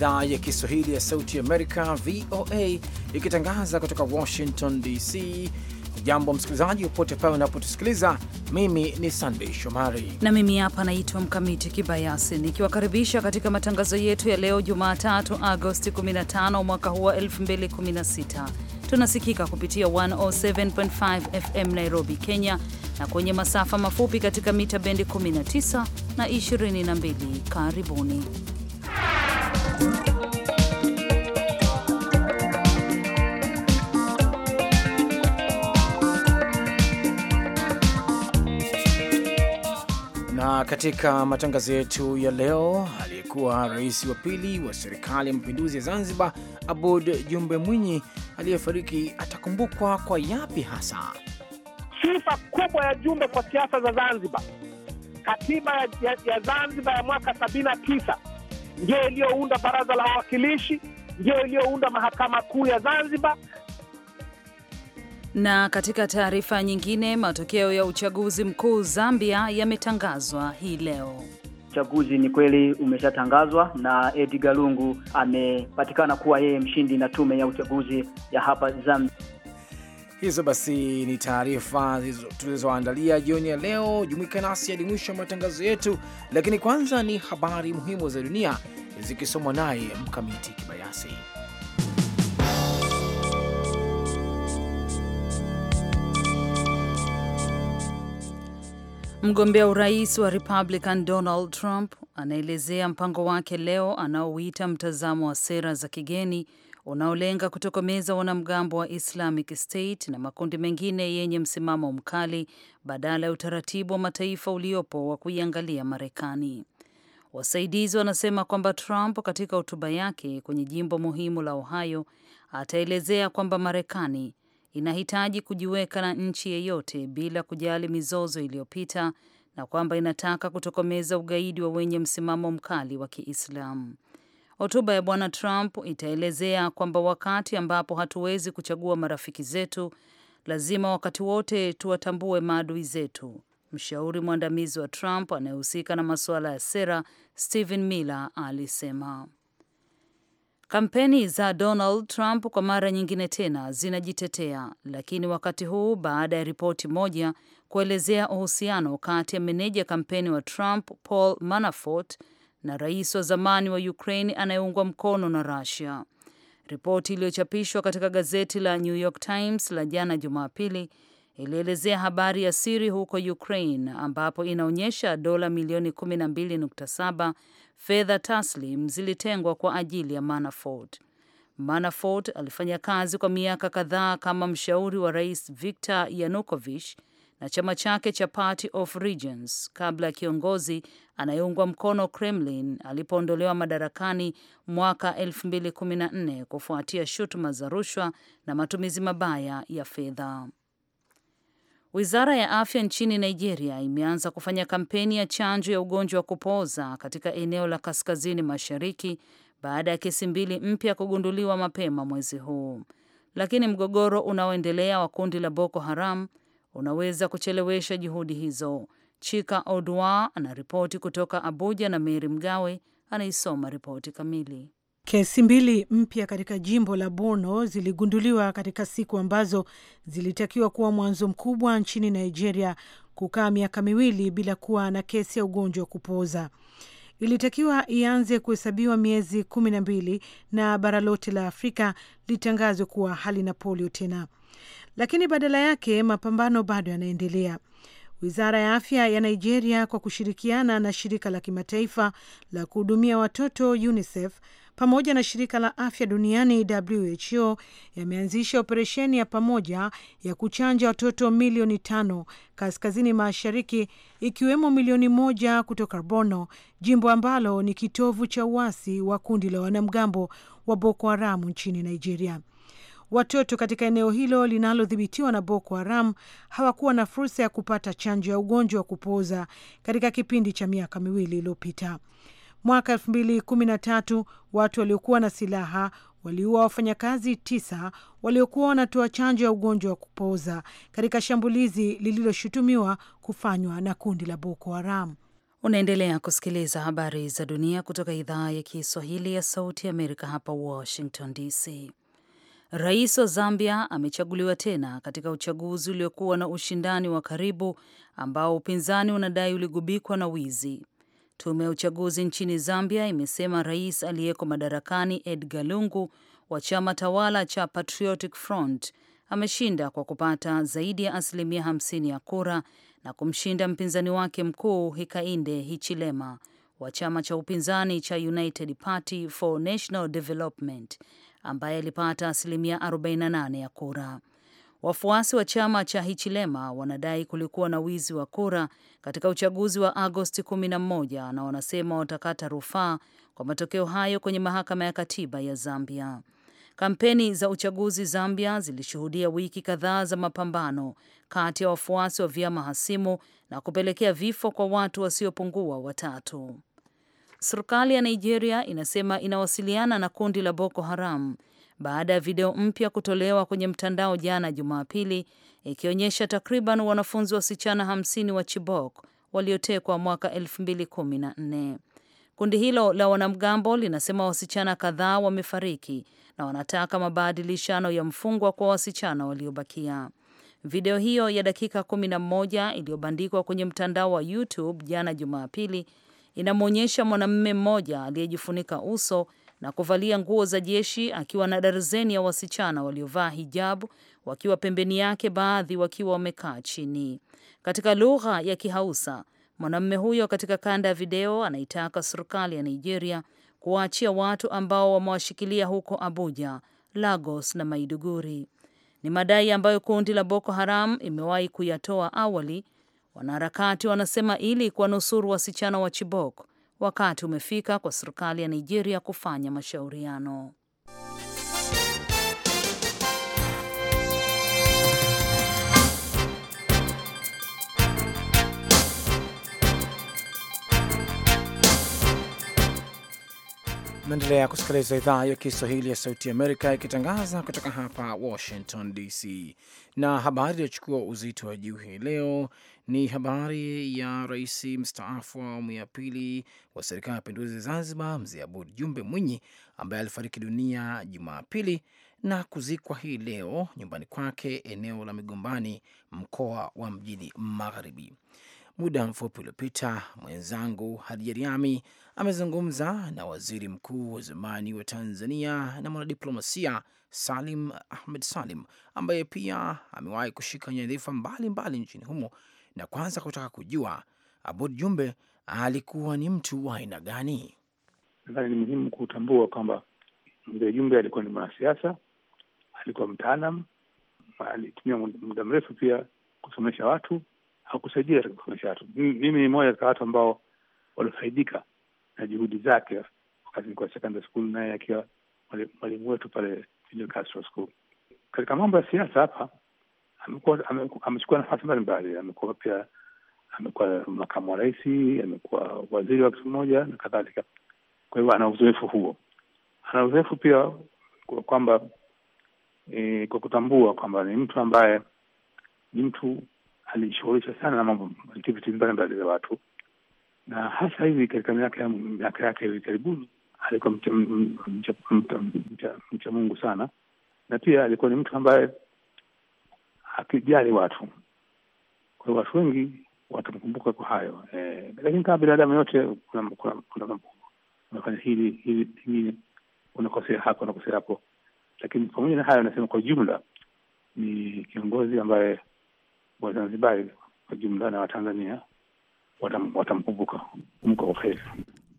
idhaa ya Kiswahili ya Sauti Amerika, VOA, ikitangaza kutoka Washington DC. Jambo msikilizaji, popote pale unapotusikiliza. Mimi ni Sandei Shomari na mimi hapa naitwa Mkamiti Kibayasi, nikiwakaribisha katika matangazo yetu ya leo Jumatatu, Agosti 15 mwaka huu wa 2016. Tunasikika kupitia 107.5 FM Nairobi, Kenya, na kwenye masafa mafupi katika mita bendi 19 na 22. Karibuni. Na katika matangazo yetu ya leo, aliyekuwa rais wa pili wa serikali ya mapinduzi ya Zanzibar abud Jumbe Mwinyi aliyefariki atakumbukwa kwa yapi hasa? Sifa kubwa ya Jumbe kwa siasa za Zanzibar, katiba ya, ya Zanzibar ya mwaka 79 ndio iliyounda baraza la wawakilishi, ndio iliyounda mahakama kuu ya Zanzibar. Na katika taarifa nyingine, matokeo ya uchaguzi mkuu Zambia yametangazwa hii leo. Uchaguzi ni kweli umeshatangazwa na Edgar Lungu amepatikana kuwa yeye mshindi na tume ya uchaguzi ya hapa Zambia. Hizo basi ni taarifa tulizoandalia jioni ya leo. Jumuika nasi hadi mwisho wa matangazo yetu, lakini kwanza ni habari muhimu za dunia zikisomwa naye Mkamiti Kibayasi. Mgombea urais wa Republican Donald Trump anaelezea mpango wake leo anaouita mtazamo wa sera za kigeni unaolenga kutokomeza wanamgambo wa Islamic State na makundi mengine yenye msimamo mkali badala ya utaratibu wa mataifa uliopo wa kuiangalia Marekani. Wasaidizi wanasema kwamba Trump katika hotuba yake kwenye jimbo muhimu la Ohio ataelezea kwamba Marekani inahitaji kujiweka na nchi yeyote bila kujali mizozo iliyopita na kwamba inataka kutokomeza ugaidi wa wenye msimamo mkali wa Kiislamu. Hotuba ya Bwana Trump itaelezea kwamba wakati ambapo hatuwezi kuchagua marafiki zetu, lazima wakati wote tuwatambue maadui zetu. Mshauri mwandamizi wa Trump anayehusika na masuala ya sera Stephen Miller alisema kampeni za Donald Trump kwa mara nyingine tena zinajitetea, lakini wakati huu baada ya ripoti moja kuelezea uhusiano kati ya meneja kampeni wa Trump Paul Manafort na rais wa zamani wa Ukraine anayeungwa mkono na Russia. Ripoti iliyochapishwa katika gazeti la New York Times la jana Jumapili ilielezea habari ya siri huko Ukraine ambapo inaonyesha dola milioni 12.7 fedha taslim zilitengwa kwa ajili ya Manafort. Manafort alifanya kazi kwa miaka kadhaa kama mshauri wa Rais Viktor Yanukovych na chama chake cha Party of Regions kabla ya kiongozi anayeungwa mkono Kremlin alipoondolewa madarakani mwaka 2014 kufuatia shutuma za rushwa na matumizi mabaya ya fedha. Wizara ya afya nchini Nigeria imeanza kufanya kampeni ya chanjo ya ugonjwa wa kupooza katika eneo la kaskazini mashariki baada ya kesi mbili mpya kugunduliwa mapema mwezi huu, lakini mgogoro unaoendelea wa kundi la Boko Haram unaweza kuchelewesha juhudi hizo. Chika Odwa anaripoti kutoka Abuja na Meri Mgawe anaisoma ripoti kamili. Kesi mbili mpya katika jimbo la Borno ziligunduliwa katika siku ambazo zilitakiwa kuwa mwanzo mkubwa nchini Nigeria kukaa miaka miwili bila kuwa na kesi ya ugonjwa wa kupooza. Ilitakiwa ianze kuhesabiwa miezi kumi na mbili na bara lote la Afrika litangazwe kuwa halina polio tena lakini badala yake mapambano bado yanaendelea. Wizara ya afya ya Nigeria kwa kushirikiana na shirika la kimataifa la kuhudumia watoto UNICEF pamoja na shirika la afya duniani WHO yameanzisha operesheni ya pamoja ya kuchanja watoto milioni tano kaskazini mashariki, ikiwemo milioni moja kutoka Borno, jimbo ambalo ni kitovu cha uasi wa kundi la wanamgambo wa Boko Haramu nchini Nigeria. Watoto katika eneo hilo linalodhibitiwa na Boko Haram hawakuwa na fursa ya kupata chanjo ya ugonjwa wa kupooza katika kipindi cha miaka miwili iliyopita. Mwaka elfu mbili kumi na tatu watu waliokuwa na silaha waliua wafanyakazi tisa waliokuwa wanatoa chanjo ya ugonjwa wa kupooza katika shambulizi lililoshutumiwa kufanywa na kundi la Boko Haram. Unaendelea kusikiliza habari za dunia kutoka idhaa ya Kiswahili ya Sauti ya Amerika, hapa Washington DC. Rais wa Zambia amechaguliwa tena katika uchaguzi uliokuwa na ushindani wa karibu ambao upinzani unadai uligubikwa na wizi. Tume ya uchaguzi nchini Zambia imesema rais aliyeko madarakani Edgar Lungu wa chama tawala cha Patriotic Front ameshinda kwa kupata zaidi ya asilimia 50 ya kura na kumshinda mpinzani wake mkuu hikainde Hichilema wa chama cha upinzani cha United Party for National Development ambaye alipata asilimia 48 ya kura. Wafuasi wa chama cha Hichilema wanadai kulikuwa na wizi wa kura katika uchaguzi wa Agosti 11 na wanasema watakata rufaa kwa matokeo hayo kwenye mahakama ya katiba ya Zambia. Kampeni za uchaguzi Zambia zilishuhudia wiki kadhaa za mapambano kati ya wafuasi wa vyama hasimu na kupelekea vifo kwa watu wasiopungua watatu. Serikali ya Nigeria inasema inawasiliana na kundi la Boko Haram baada ya video mpya kutolewa kwenye mtandao jana Jumapili, ikionyesha takriban wanafunzi wasichana hamsini wa Chibok waliotekwa mwaka nne. Kundi hilo la wanamgambo linasema wasichana kadhaa wamefariki na wanataka mabadilishano ya mfungwa kwa wasichana waliobakia. Video hiyo ya dakika moja iliyobandikwa kwenye mtandao wa YouTube jana Jumapili inamwonyesha mwanamume mmoja aliyejifunika uso na kuvalia nguo za jeshi akiwa na darzeni ya wasichana waliovaa hijabu wakiwa pembeni yake, baadhi wakiwa wamekaa chini. Katika lugha ya Kihausa, mwanamume huyo katika kanda ya video anaitaka serikali ya Nigeria kuwaachia watu ambao wamewashikilia huko Abuja, Lagos na Maiduguri. Ni madai ambayo kundi la Boko Haram imewahi kuyatoa awali Wanaharakati wanasema ili kuwanusuru wasichana wa Chibok, wakati umefika kwa serikali ya Nigeria kufanya mashauriano. Naendelea kusikiliza idhaa ya Kiswahili ya Sauti Amerika ikitangaza kutoka hapa Washington DC, na habari iliyochukua uzito wa juu hii leo ni habari ya rais mstaafu wa awamu ya pili wa Serikali ya Mapinduzi Zanzibar, Mzee Abud Jumbe Mwinyi, ambaye alifariki dunia Jumapili na kuzikwa hii leo nyumbani kwake eneo la Migombani, mkoa wa Mjini Magharibi. Muda mfupi uliopita mwenzangu Hadija Riami amezungumza na waziri mkuu wa zamani wa Tanzania na mwanadiplomasia Salim Ahmed Salim ambaye pia amewahi kushika nyadhifa mbalimbali nchini humo, na kwanza kutaka kujua Aboud Jumbe alikuwa ni mtu wa aina gani. Nadhani ni muhimu kutambua kwamba mzee Jumbe alikuwa ni mwanasiasa, alikuwa mtaalam, alitumia muda mrefu pia kusomesha watu au kusaidia katika kusomesha watu. Mimi ni moja katika watu ambao walifaidika na juhudi zake wakati nilikuwa secondary school, naye akiwa mwalimu wetu pale School. Katika mambo ya siasa hapa amechukua nafasi mbalimbali, amekuwa pia amekuwa makamu wa rais, amekuwa waziri wa kitu mmoja na kadhalika. Kwa hivyo ana uzoefu huo, ana uzoefu pia kwamba e, kwa kutambua kwamba ni mtu ambaye ni mtu alishughulisha sana na mambo activities mbalimbali za watu na hasa hivi katika miaka yake hivi karibuni alikuwa mcha Mungu sana, na pia alikuwa ni mtu ambaye akijali watu. Kwa hiyo watu wengi watamkumbuka kwa hayo, e, lakini kama binadamu yote, unafanya hili hili lingine, unakosea hapo, unakosea hapo, lakini pamoja na hayo, anasema kwa jumla ni kiongozi ambaye Wazanzibari kwa jumla na Watanzania watamkumbuka mko kwa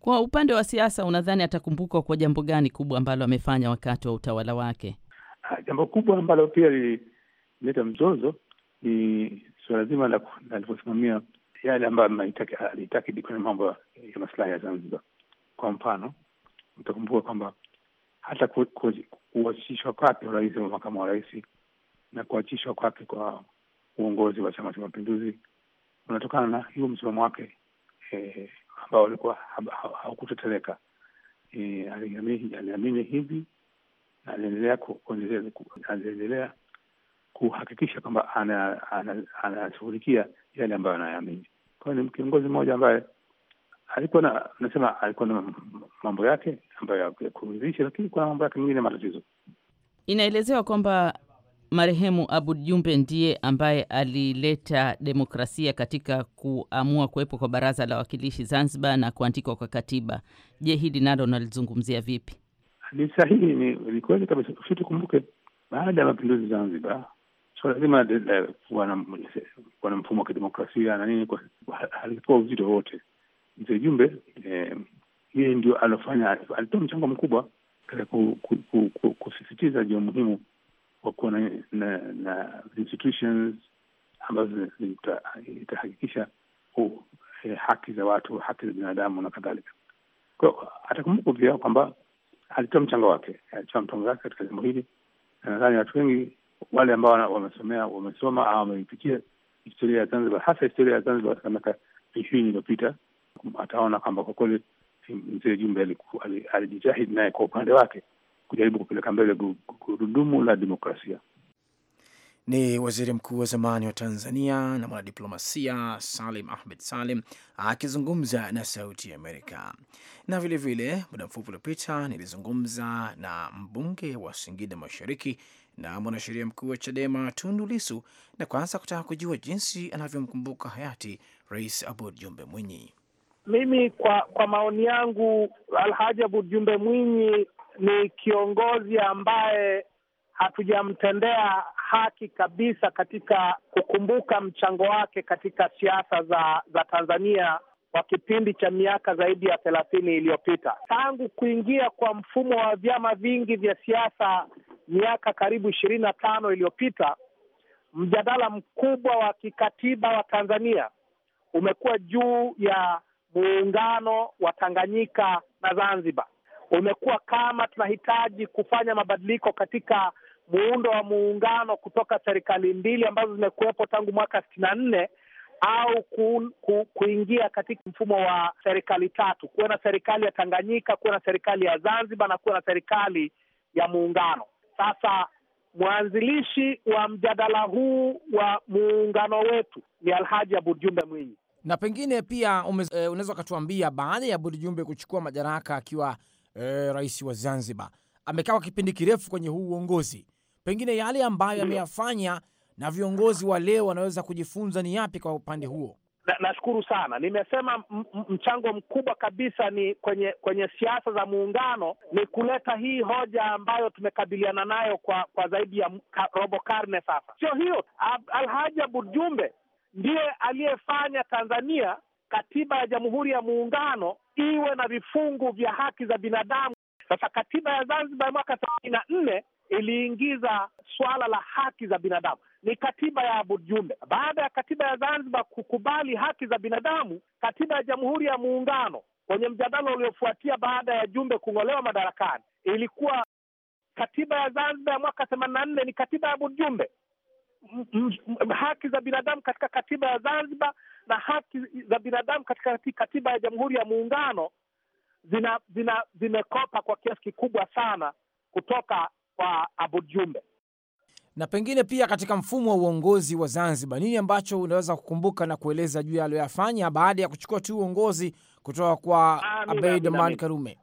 Kwa upande wa siasa, unadhani atakumbukwa kwa jambo gani kubwa ambalo amefanya wakati wa utawala wake? Ha, ah, jambo kubwa ambalo pia lilileta mzozo ni suala zima la alivyosimamia yale ambayo alitakidi kwenye mambo ya masilahi ya Zanzibar. Kwa mfano, utakumbuka kwamba hata kuachishwa kwake urais wa makamu wa rais na kuachishwa kwake kwa uongozi wa Chama cha Mapinduzi unatokana na huo msimamo wake eh, ambao alikuwa haukutetereka. Eh, aliamini hivi na aliendelea aliendelea kuhakikisha kwamba anashughulikia yale ambayo anayaamini. Kwa ni kiongozi mmoja ambaye alikuwa na nasema, alikuwa na mambo yake ambayo ya kuridhisha, lakini kuna mambo yake mengine matatizo. Inaelezewa kwamba marehemu Abud Jumbe ndiye ambaye alileta demokrasia katika kuamua kuwepo kwa baraza la wawakilishi Zanzibar na kuandikwa kwa katiba. Je, hili nalo nalizungumzia vipi? Ni sahihi, ni kweli kabisa. Tukumbuke baada ya mapinduzi Zanzibar so lazima kuwa na mfumo wa kidemokrasia na nini halikuwa uzito wote. Mzee Jumbe eh, yeye ndio alofanya, alitoa mchango mkubwa katika kusisitiza juu muhimu wakuwa na, na, na institutions ambazo itahakikisha eh, haki za watu, haki za binadamu na kadhalika. Kwa hiyo atakumbuka pia kwamba alitoa mchango wake, alitoa mchango wake katika jambo hili, na nadhani watu wengi wale ambao wamesomea wamesoma au wamepitia historia ya Zanzibar, hasa historia ya Zanzibar katika miaka ishirini iliyopita, ataona kwamba kwa kweli mzee Jumbe alijitahidi naye kwa upande wake kujaribu kupeleka mbele gurudumu la demokrasia. Ni waziri mkuu wa zamani wa Tanzania na mwanadiplomasia Salim Ahmed Salim akizungumza na Sauti ya Amerika. Na vilevile, muda mfupi uliopita nilizungumza na mbunge wa Singida Mashariki na mwanasheria mkuu wa Chadema Tundu Lisu, na kwanza kutaka kujua jinsi anavyomkumbuka hayati Rais Abud Jumbe Mwinyi. Mimi kwa kwa maoni yangu, Alhaji Abud Jumbe Mwinyi ni kiongozi ambaye hatujamtendea haki kabisa katika kukumbuka mchango wake katika siasa za, za Tanzania kwa kipindi cha miaka zaidi ya thelathini iliyopita tangu kuingia kwa mfumo wa vyama vingi vya siasa miaka karibu ishirini na tano iliyopita. Mjadala mkubwa wa kikatiba wa Tanzania umekuwa juu ya muungano wa Tanganyika na Zanzibar umekuwa kama tunahitaji kufanya mabadiliko katika muundo wa muungano kutoka serikali mbili ambazo zimekuwepo tangu mwaka sitini na nne au ku, ku, kuingia katika mfumo wa serikali tatu, kuwe na serikali ya Tanganyika, kuwe na serikali ya Zanzibar na kuwe na serikali ya muungano. Sasa mwanzilishi wa mjadala huu wa muungano wetu ni Alhaji Abud Jumbe Mwinyi, na pengine pia eh, unaweza ukatuambia baada ya Abud Jumbe kuchukua madaraka akiwa eh, rais wa Zanzibar amekaa kwa kipindi kirefu kwenye huu uongozi, pengine yale ambayo yameyafanya na viongozi wa leo wanaweza kujifunza ni yapi kwa upande huo? Nashukuru na sana. Nimesema mchango mkubwa kabisa ni kwenye kwenye siasa za muungano ni kuleta hii hoja ambayo tumekabiliana nayo kwa kwa zaidi ya ka, robo karne sasa. Sio hiyo, Alhaji Aboud Jumbe ndiye aliyefanya Tanzania katiba ya Jamhuri ya Muungano iwe na vifungu vya haki za binadamu. Sasa katiba ya Zanzibar ya mwaka sabini na nne iliingiza swala la haki za binadamu, ni katiba ya abud Jumbe. Baada ya katiba ya Zanzibar kukubali haki za binadamu, katiba ya Jamhuri ya Muungano kwenye mjadala uliofuatia baada ya Jumbe kung'olewa madarakani, ilikuwa katiba ya Zanzibar ya mwaka themanini na nne ni katiba ya abud Jumbe haki za binadamu katika katiba ya Zanzibar na haki za binadamu katika katiba ya Jamhuri ya Muungano zina, zina, zimekopa kwa kiasi kikubwa sana kutoka kwa abu Jumbe. Na pengine pia katika mfumo wa uongozi wa Zanzibar, nini ambacho unaweza kukumbuka na kueleza juu ya aliyoyafanya baada ya kuchukua tu uongozi kutoka kwa Abeid Amani Karume?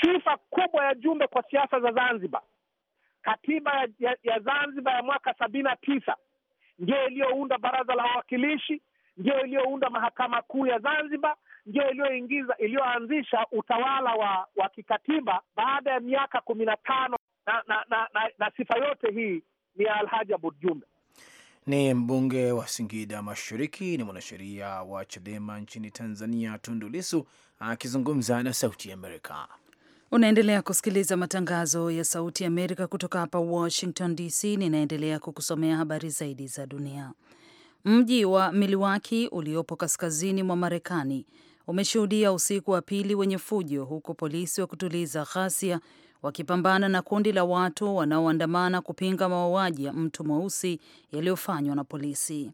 Sifa kubwa ya Jumbe kwa siasa za Zanzibar Katiba ya, ya Zanzibar ya mwaka sabini na tisa ndiyo iliyounda baraza la wawakilishi, ndiyo iliyounda mahakama kuu ya Zanzibar, ndiyo iliyoingiza iliyoanzisha utawala wa, wa kikatiba baada ya miaka kumi na tano na, na, na, na, na sifa yote hii ni ya Alhaji Aboud Jumbe. Ni mbunge wa Singida Mashariki, ni mwanasheria wa Chadema nchini Tanzania, Tundu Lisu akizungumza na Sauti ya Amerika. Unaendelea kusikiliza matangazo ya Sauti ya Amerika kutoka hapa Washington DC. Ninaendelea kukusomea habari zaidi za dunia. Mji wa Milwaukee uliopo kaskazini mwa Marekani umeshuhudia usiku wa pili wenye fujo, huku polisi wa kutuliza ghasia wakipambana na kundi la watu wanaoandamana kupinga mauaji ya mtu mweusi yaliyofanywa na polisi.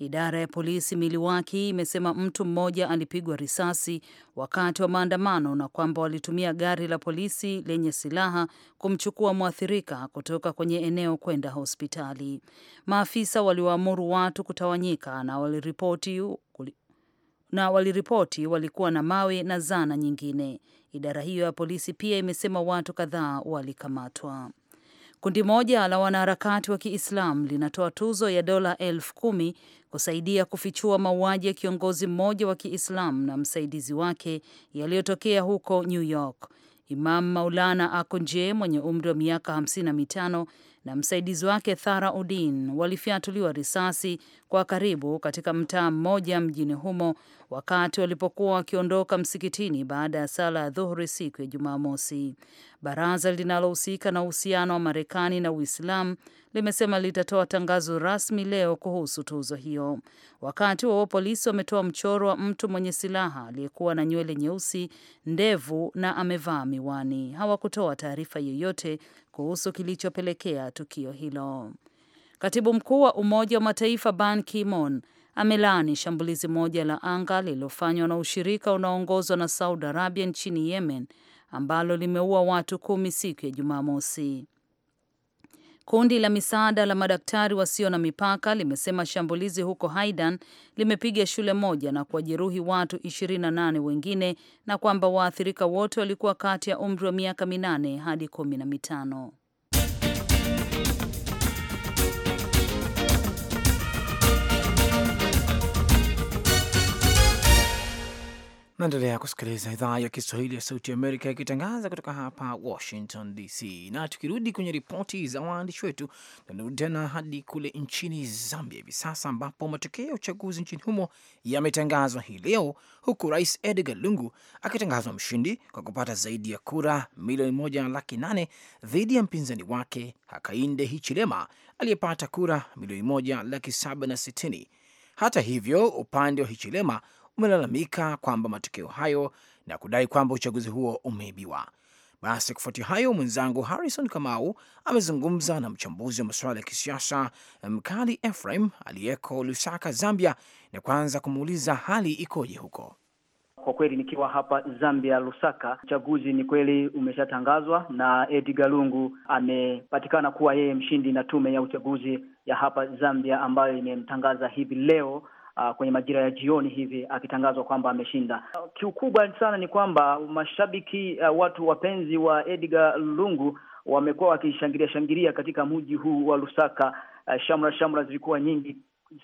Idara ya polisi Miliwaki imesema mtu mmoja alipigwa risasi wakati wa maandamano na kwamba walitumia gari la polisi lenye silaha kumchukua mwathirika kutoka kwenye eneo kwenda hospitali. Maafisa waliwaamuru watu kutawanyika na waliripoti na waliripoti walikuwa na mawe na zana nyingine. Idara hiyo ya polisi pia imesema watu kadhaa walikamatwa. Kundi moja la wanaharakati wa Kiislamu linatoa tuzo ya dola elfu kumi kusaidia kufichua mauaji ya kiongozi mmoja wa Kiislamu na msaidizi wake yaliyotokea huko New York. Imam Maulana Akonje mwenye umri wa miaka mitano na msaidizi wake Thara Udin walifyatuliwa risasi kwa karibu katika mtaa mmoja mjini humo wakati walipokuwa wakiondoka msikitini baada ya sala ya dhuhuri siku ya Jumamosi. Baraza linalohusika na uhusiano wa Marekani na Uislamu limesema litatoa tangazo rasmi leo kuhusu tuzo hiyo. Wakati wao polisi wametoa mchoro wa mtu mwenye silaha aliyekuwa na nywele nyeusi, ndevu na amevaa miwani. Hawakutoa taarifa yoyote kuhusu kilichopelekea tukio hilo. Katibu mkuu wa Umoja wa Mataifa Ban Ki-moon amelaani shambulizi moja la anga lililofanywa na ushirika unaoongozwa na Saudi Arabia nchini Yemen ambalo limeua watu kumi siku ya Jumamosi. Kundi la misaada la madaktari wasio na mipaka limesema shambulizi huko Haidan limepiga shule moja na kuwajeruhi watu 28 wengine na kwamba waathirika wote walikuwa kati ya umri wa miaka minane hadi kumi na mitano. Naendelea kusikiliza idhaa ya Kiswahili ya Sauti Amerika ikitangaza kutoka hapa Washington DC. Na tukirudi kwenye ripoti za waandishi wetu, tunarudi tena hadi kule nchini Zambia hivi sasa, ambapo matokeo ya uchaguzi nchini humo yametangazwa hii leo, huku Rais Edgar Lungu akitangazwa mshindi kwa kupata zaidi ya kura milioni moja na laki nane dhidi ya mpinzani wake Hakainde Hichilema aliyepata kura milioni moja laki saba na sitini. Hata hivyo upande wa Hichilema umelalamika kwamba matokeo hayo na kudai kwamba uchaguzi huo umeibiwa. Basi kufuatia hayo, mwenzangu Harrison Kamau amezungumza na mchambuzi wa masuala ya kisiasa Mkali Ephraim aliyeko Lusaka, Zambia, na kwanza kumuuliza hali ikoje huko. Kwa kweli nikiwa hapa Zambia, Lusaka, uchaguzi ni kweli umeshatangazwa na Edgar Lungu amepatikana kuwa yeye mshindi na tume ya uchaguzi ya hapa Zambia ambayo imemtangaza hivi leo uh, kwenye majira ya jioni hivi akitangazwa kwamba ameshinda. Kiukubwa sana ni kwamba mashabiki uh, watu wapenzi wa Edgar Lungu wamekuwa wakishangilia shangilia katika mji huu wa Lusaka. Uh, shamra shamra zilikuwa nyingi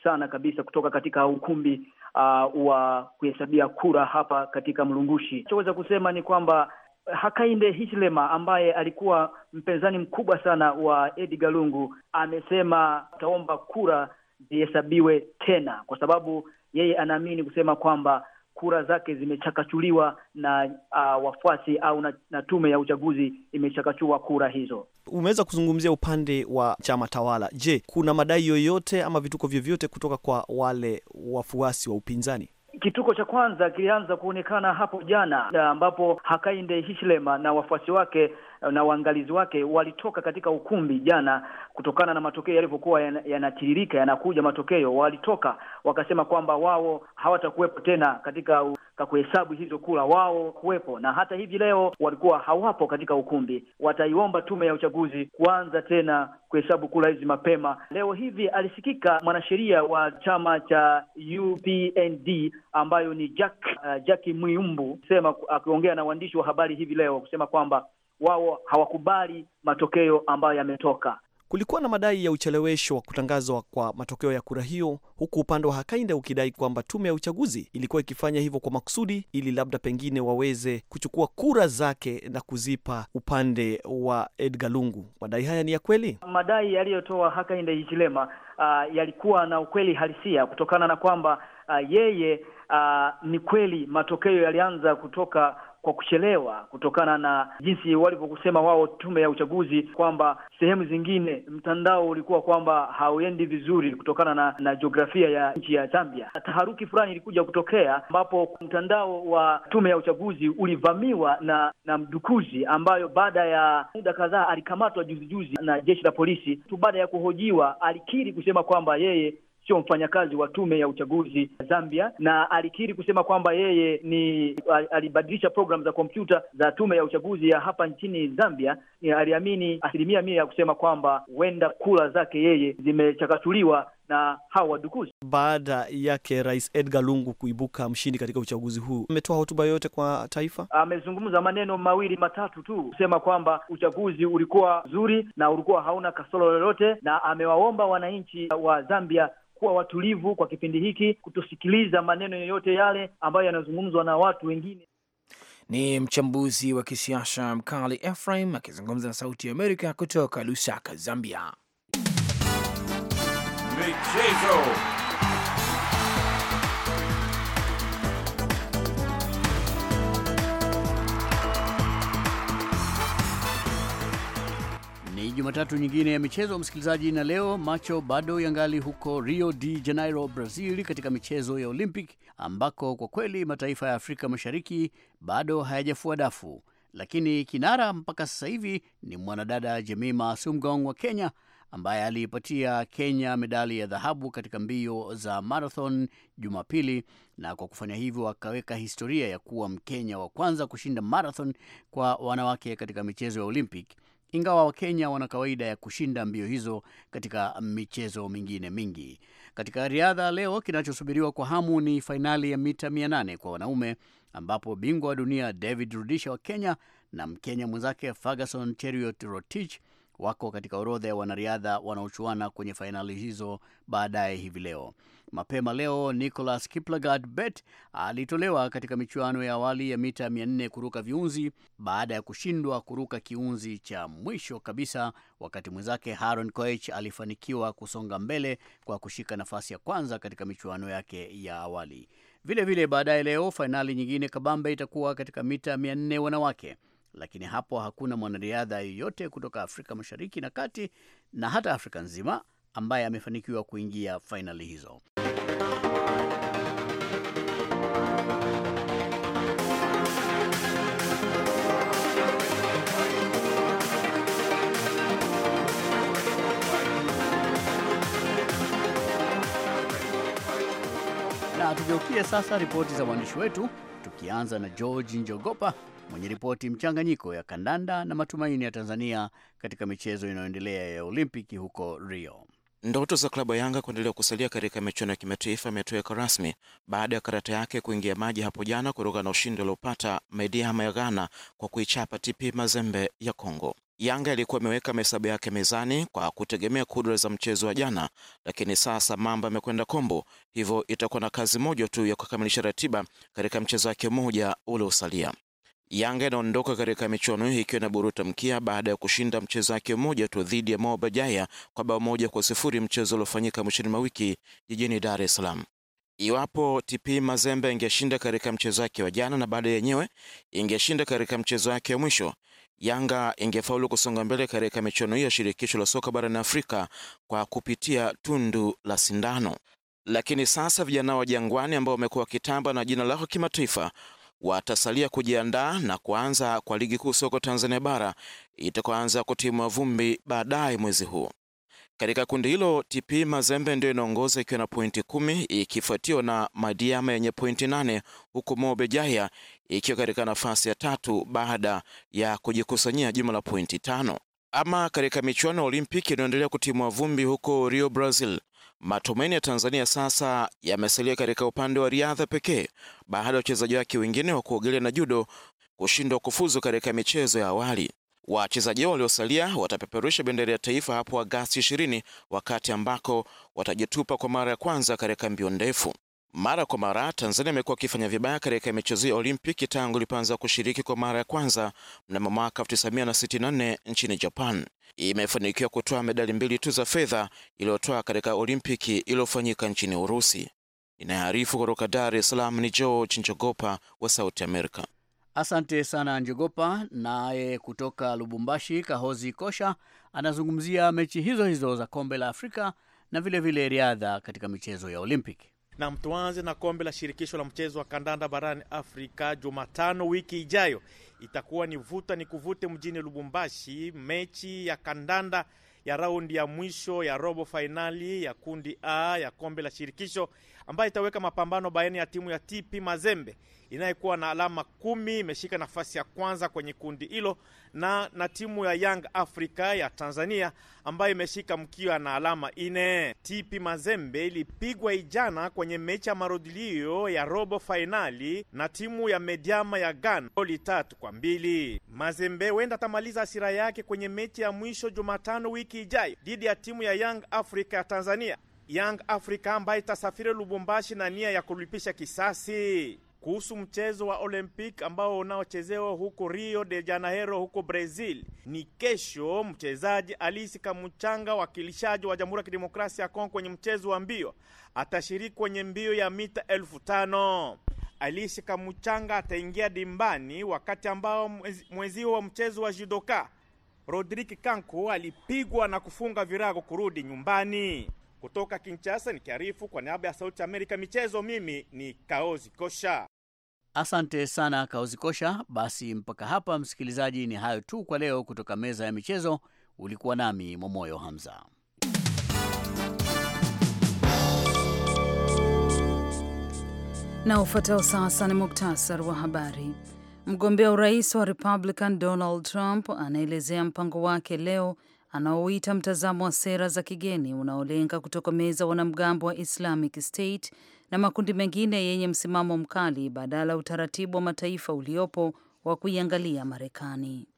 sana kabisa kutoka katika ukumbi uh, wa kuhesabia kura hapa katika Mlungushi. Choweza kusema ni kwamba Hakainde Hichilema ambaye alikuwa mpinzani mkubwa sana wa Edgar Lungu amesema ataomba kura zihesabiwe tena, kwa sababu yeye anaamini kusema kwamba kura zake zimechakachuliwa na uh, wafuasi au na, na tume ya uchaguzi imechakachua kura hizo. Umeweza kuzungumzia upande wa chama tawala. Je, kuna madai yoyote ama vituko vyovyote kutoka kwa wale wafuasi wa upinzani? Kituko cha kwanza kilianza kuonekana hapo jana, ambapo Hakainde Hichilema na wafuasi wake Eh, na waangalizi wake walitoka katika ukumbi jana, kutokana na matokeo yalivyokuwa yanatiririka, yanakuja matokeo, walitoka wakasema kwamba wao hawatakuwepo tena katika kuhesabu hizo kura, wao kuwepo na hata hivi leo walikuwa hawapo katika ukumbi. Wataiomba tume ya uchaguzi kuanza tena kuhesabu kura hizi mapema. Leo hivi alisikika mwanasheria wa chama cha UPND ambayo ni Jack, uh, Jack Mwiumbu sema, akiongea na waandishi wa habari hivi leo kusema kwamba wao hawakubali matokeo ambayo yametoka. Kulikuwa na madai ya uchelewesho wa kutangazwa kwa matokeo ya kura hiyo, huku upande wa Hakainde ukidai kwamba tume ya uchaguzi ilikuwa ikifanya hivyo kwa makusudi ili labda pengine waweze kuchukua kura zake na kuzipa upande wa Edgar Lungu. Madai haya ni ya kweli? Madai yaliyotoa Hakainde Hichilema uh, yalikuwa na ukweli halisia kutokana na kwamba uh, yeye uh, ni kweli matokeo yalianza kutoka kwa kuchelewa kutokana na jinsi walivyokusema wao, tume ya uchaguzi kwamba sehemu zingine mtandao ulikuwa kwamba hauendi vizuri kutokana na, na jiografia ya nchi ya Zambia. Taharuki fulani ilikuja kutokea ambapo mtandao wa tume ya uchaguzi ulivamiwa na na mdukuzi, ambayo baada ya muda kadhaa alikamatwa juzijuzi na jeshi la polisi tu. Baada ya kuhojiwa alikiri kusema kwamba yeye sio mfanyakazi wa tume ya uchaguzi Zambia, na alikiri kusema kwamba yeye ni alibadilisha programu za kompyuta za tume ya uchaguzi ya hapa nchini Zambia. Aliamini asilimia mia ya kusema kwamba huenda kura zake yeye zimechakatuliwa na hawa wadukuzi. Baada yake Rais Edgar Lungu kuibuka mshindi katika uchaguzi huu, ametoa hotuba yoyote kwa taifa, amezungumza maneno mawili matatu tu kusema kwamba uchaguzi ulikuwa mzuri na ulikuwa hauna kasoro lolote, na amewaomba wananchi wa Zambia kuwa watulivu kwa kipindi hiki, kutosikiliza maneno yoyote yale ambayo yanazungumzwa na watu wengine. Ni mchambuzi wa kisiasa mkali Ephraim akizungumza na Sauti ya Amerika kutoka Lusaka, Zambia ni Jumatatu nyingine ya michezo msikilizaji, na leo macho bado yangali huko Rio de Janeiro, Brazil, katika michezo ya Olympic ambako kwa kweli mataifa ya Afrika Mashariki bado hayajafua dafu, lakini kinara mpaka sasa hivi ni mwanadada Jemima Sumgong wa Kenya ambaye aliipatia Kenya medali ya dhahabu katika mbio za marathon Jumapili, na kwa kufanya hivyo akaweka historia ya kuwa Mkenya wa kwanza kushinda marathon kwa wanawake katika michezo ya Olympic, ingawa Wakenya wana kawaida ya kushinda mbio hizo katika michezo mingine mingi. Katika riadha leo, kinachosubiriwa kwa hamu ni fainali ya mita 800 kwa wanaume ambapo bingwa wa dunia David Rudisha wa Kenya na Mkenya mwenzake Ferguson Cheruiyot Rotich wako katika orodha ya wanariadha wanaochuana kwenye fainali hizo baadaye hivi leo. Mapema leo Nicolas Kiplagat Bet alitolewa katika michuano ya awali ya mita 400 kuruka viunzi baada ya kushindwa kuruka kiunzi cha mwisho kabisa, wakati mwenzake Haron Koech alifanikiwa kusonga mbele kwa kushika nafasi ya kwanza katika michuano yake ya awali. Vilevile baadaye leo fainali nyingine kabambe itakuwa katika mita 400 wanawake lakini hapo hakuna mwanariadha yeyote kutoka Afrika Mashariki na Kati na hata Afrika nzima ambaye amefanikiwa kuingia fainali hizo. Na tugeukie sasa ripoti za waandishi wetu tukianza na George Njogopa mwenye ripoti mchanganyiko ya kandanda na matumaini ya Tanzania katika michezo inayoendelea ya Olimpiki huko Rio. Ndoto za klabu ya Yanga kuendelea kusalia katika michuano ya kimataifa imetoweka rasmi baada ya karata yake kuingia maji hapo jana kutokana na ushindi aliopata Medeama ya Ghana kwa kuichapa TP Mazembe ya Kongo. Yanga ilikuwa imeweka mahesabu yake mezani kwa kutegemea kudra za mchezo wa jana, lakini sasa mambo yamekwenda kombo, hivyo itakuwa na kazi moja tu ya kukamilisha ratiba katika mchezo wake mmoja uliosalia. Yanga inaondoka katika michuano hii ikiwa inaburuta mkia baada ya kushinda mchezo wake mmoja tu dhidi ya Moba Jaya kwa bao moja kwa sifuri, mchezo uliofanyika mwishoni mwa wiki jijini Dar es Salaam. Iwapo TP Mazembe ingeshinda katika mchezo wake wa jana na baada yenyewe ingeshinda katika mchezo wake wa mwisho, Yanga ingefaulu kusonga mbele katika michuano hiyo ya shirikisho la soka barani Afrika kwa kupitia tundu la sindano. Lakini sasa vijana wa Jangwani ambao wamekuwa wakitamba na jina lao kimataifa watasalia kujiandaa na kuanza kwa ligi kuu soko Tanzania bara itakayoanza kutimwa vumbi baadaye mwezi huu. Katika kundi hilo TP Mazembe ndio inaongoza ikiwa na pointi kumi ikifuatiwa na Madiama yenye pointi nane huku Mobe Jaya ikiwa katika nafasi ya tatu baada ya kujikusanyia jumla pointi tano. Ama katika michuano ya Olimpiki inaendelea kutimwa vumbi huko Rio Brazil, Matumaini ya Tanzania sasa yamesalia katika upande wa riadha pekee baada ya wachezaji wake wengine wa kuogelea na judo kushindwa kufuzu katika michezo ya awali. Wachezaji waliosalia watapeperusha bendera ya taifa hapo Agasti 20 wakati ambako watajitupa kwa mara ya kwanza katika mbio ndefu. Mara kwa mara Tanzania imekuwa ikifanya vibaya katika michezo ya Olimpiki tangu ilipoanza kushiriki kwa mara ya kwanza mnamo mwaka 1964 nchini Japan. Imefanikiwa kutoa medali mbili tu za fedha iliyotoa katika Olimpiki iliyofanyika nchini Urusi. Inayoarifu kutoka Dar es Salaam ni George Njogopa wa Sauti Amerika. Asante sana Njogopa. Naye kutoka Lubumbashi, Kahozi Kosha anazungumzia mechi hizo hizo za kombe la Afrika na vilevile vile riadha katika michezo ya Olimpiki. Nam, tuanze na kombe la shirikisho la mchezo wa kandanda barani Afrika. Jumatano wiki ijayo itakuwa ni vuta ni kuvute mjini Lubumbashi, mechi ya kandanda ya raundi ya mwisho ya robo fainali ya kundi A ya kombe la shirikisho ambayo itaweka mapambano baina ya timu ya TP Mazembe inayekuwa na alama kumi imeshika nafasi ya kwanza kwenye kundi hilo, na na timu ya Young Africa ya Tanzania ambayo imeshika mkiwa na alama ine. TP Mazembe ilipigwa ijana kwenye mechi ya marudilio ya robo fainali na timu ya Mediama ya Ghana goli tatu kwa mbili. Mazembe huenda atamaliza asira yake kwenye mechi ya mwisho Jumatano wiki ijayo dhidi ya timu ya Young Africa ya Tanzania. Young Africa ambayo itasafiri Lubumbashi na nia ya kulipisha kisasi kuhusu mchezo wa Olympic ambao unaochezewa huko Rio de Janeiro huko Brazil. Ni kesho mchezaji Alisi Kamuchanga, wakilishaji wa Jamhuri ya Kidemokrasia ya Kongo kwenye mchezo wa mbio, atashiriki kwenye mbio ya mita elfu tano. Alisi Kamuchanga ataingia dimbani wakati ambao mwenzio wa mchezo wa judoka Rodrik Kanko alipigwa na kufunga virago kurudi nyumbani. Kutoka Kinshasa nikiarifu kwa niaba ya Sauti Amerika michezo, mimi ni Kaozi Kosha. Asante sana Kauzikosha. Basi mpaka hapa, msikilizaji, ni hayo tu kwa leo kutoka meza ya michezo. Ulikuwa nami Momoyo Hamza. Na ufuatao sasa ni muktasar wa habari. Mgombea urais wa Republican Donald Trump anaelezea mpango wake leo anaouita mtazamo wa sera za kigeni unaolenga kutokomeza wanamgambo wa Islamic State na makundi mengine yenye msimamo mkali badala ya utaratibu wa mataifa uliopo wa kuiangalia Marekani.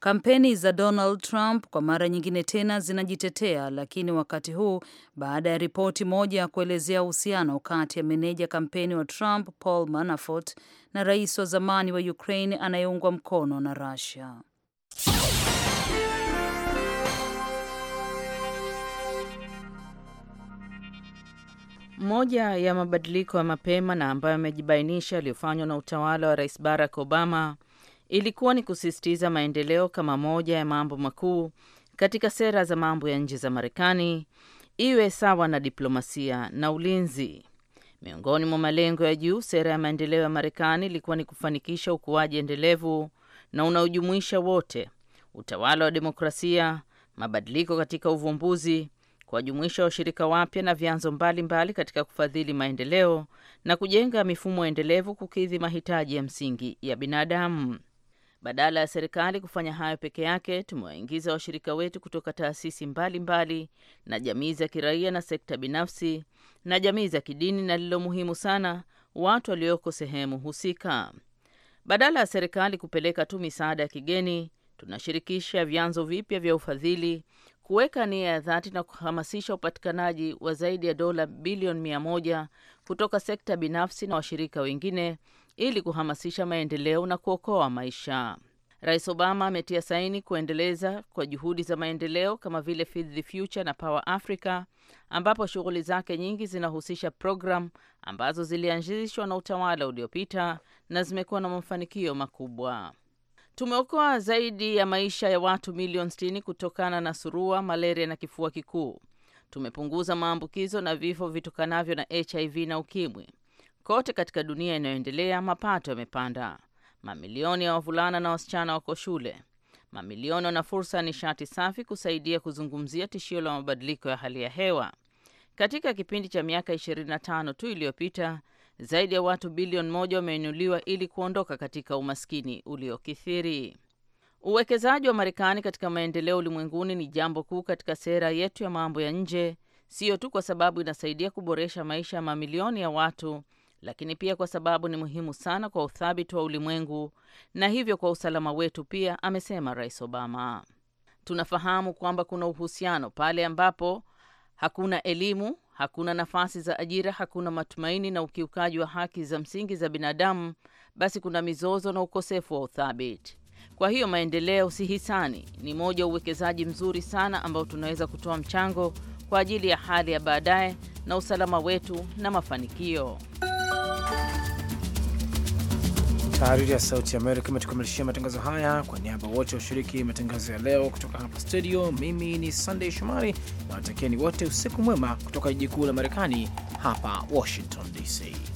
Kampeni za Donald Trump kwa mara nyingine tena zinajitetea, lakini wakati huu baada ya ripoti moja ya kuelezea uhusiano kati ya meneja kampeni wa Trump Paul Manafort na rais wa zamani wa Ukraine anayeungwa mkono na Russia. Moja ya mabadiliko ya mapema na ambayo yamejibainisha yaliyofanywa na utawala wa Rais Barack Obama ilikuwa ni kusisitiza maendeleo kama moja ya mambo makuu katika sera za mambo ya nje za Marekani, iwe sawa na diplomasia na ulinzi. Miongoni mwa malengo ya juu, sera ya maendeleo ya Marekani ilikuwa ni kufanikisha ukuaji endelevu na unaojumuisha wote, utawala wa demokrasia, mabadiliko katika uvumbuzi kuwajumuisha washirika wapya na vyanzo mbalimbali mbali katika kufadhili maendeleo na kujenga mifumo endelevu kukidhi mahitaji ya msingi ya binadamu. Badala ya serikali kufanya hayo peke yake, tumewaingiza washirika wetu kutoka taasisi mbalimbali mbali, na jamii za kiraia na sekta binafsi na jamii za kidini, na lilo muhimu sana, watu walioko sehemu husika. Badala ya serikali kupeleka tu misaada ya kigeni, tunashirikisha vyanzo vipya vya ufadhili kuweka nia ya dhati na kuhamasisha upatikanaji wa zaidi ya dola bilioni mia moja kutoka sekta binafsi na washirika wengine ili kuhamasisha maendeleo na kuokoa maisha. Rais Obama ametia saini kuendeleza kwa juhudi za maendeleo kama vile Feed the Future na Power Africa, ambapo shughuli zake nyingi zinahusisha programu ambazo zilianzishwa na utawala uliopita na zimekuwa na mafanikio makubwa. Tumeokoa zaidi ya maisha ya watu milioni 60 kutokana na surua, malaria na kifua kikuu. Tumepunguza maambukizo na vifo vitokanavyo na HIV na ukimwi. Kote katika dunia inayoendelea, mapato yamepanda. Mamilioni ya wavulana na wasichana wako shule. Mamilioni wana fursa ya nishati safi, kusaidia kuzungumzia tishio la mabadiliko ya hali ya hewa. Katika kipindi cha miaka 25 tu iliyopita, zaidi ya watu bilioni moja wameinuliwa ili kuondoka katika umaskini uliokithiri. Uwekezaji wa Marekani katika maendeleo ulimwenguni ni jambo kuu katika sera yetu ya mambo ya nje, siyo tu kwa sababu inasaidia kuboresha maisha ya mamilioni ya watu, lakini pia kwa sababu ni muhimu sana kwa uthabiti wa ulimwengu na hivyo kwa usalama wetu pia, amesema Rais Obama. Tunafahamu kwamba kuna uhusiano pale ambapo hakuna elimu, hakuna nafasi za ajira, hakuna matumaini na ukiukaji wa haki za msingi za binadamu, basi kuna mizozo na ukosefu wa uthabiti. Kwa hiyo maendeleo si hisani, ni moja uwekezaji mzuri sana ambao tunaweza kutoa mchango kwa ajili ya hali ya baadaye na usalama wetu na mafanikio. Taarifa ya Sauti ya Amerika imetukamilishia matangazo haya. Kwa niaba wote washiriki matangazo ya leo kutoka hapa studio, mimi ni Sandey Shomari na watakieni wote usiku mwema kutoka jiji kuu la Marekani, hapa Washington DC.